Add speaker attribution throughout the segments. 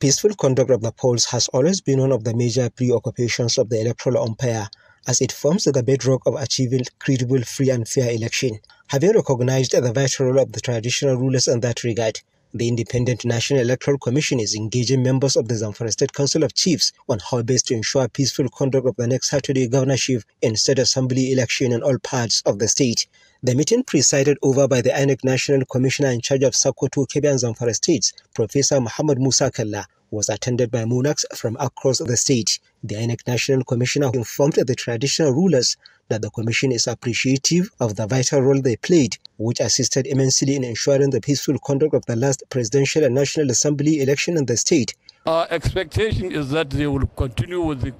Speaker 1: Peaceful conduct of the polls has always been one of the major preoccupations of the electoral umpire, as it forms the bedrock of achieving credible, free, and fair election. Having recognized the vital role of the traditional rulers in that regard, the Independent National Electoral Commission is engaging members of the Zamfara State Council of Chiefs on how best to ensure peaceful conduct of the next Saturday governorship and state assembly election in all parts of the state. The meeting presided over by the INEC National Commissioner in charge of Sokoto, Kebbi and Zamfara states, Professor Muhammad Musa Kalla, was attended by monarchs from across the state. The INEC National Commissioner informed the traditional rulers that the Commission is appreciative of the vital role they played, which assisted immensely in ensuring the peaceful conduct of the last presidential and national assembly election in the state.
Speaker 2: Our expectation is that they will continue with the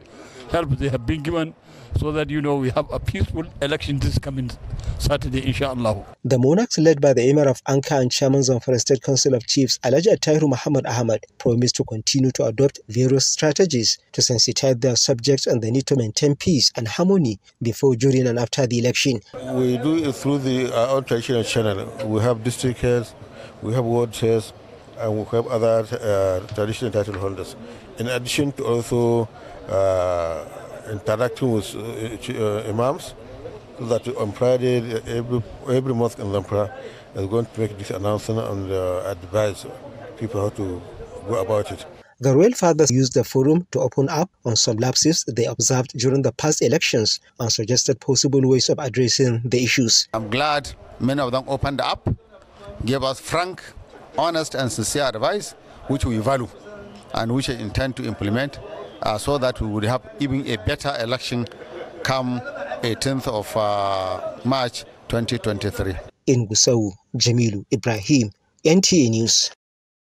Speaker 2: help they have been given so that you know we have a peaceful election this coming Saturday, inshallah.
Speaker 1: The monarchs, led by the Emir of Ankara and Chairman of the State Council of Chiefs, Alaja Tahiru Muhammad Ahmad, promised to continue to adopt various strategies to sensitize their subjects on the need to maintain peace and harmony before, during, and after the election.
Speaker 3: We do it through the uh, outreach channel. We have district heads, we have ward heads, and we have other uh, traditional title holders. In addition to also uh, interacting with uh, uh imams, so that on Friday every, every mosque in Zampara is going to make this announcement and uh, advise people how to
Speaker 4: go about it.
Speaker 1: The royal fathers used the forum to open up on some lapses they observed during the past elections and suggested possible ways of addressing the issues.
Speaker 4: I'm glad many of them opened up, gave us frank honest and sincere advice, which we value and which we intend to implement uh, so that we would have even a better election come 18th of uh, March 2023.
Speaker 1: In Gusau, Jamilu Ibrahim, NTA News.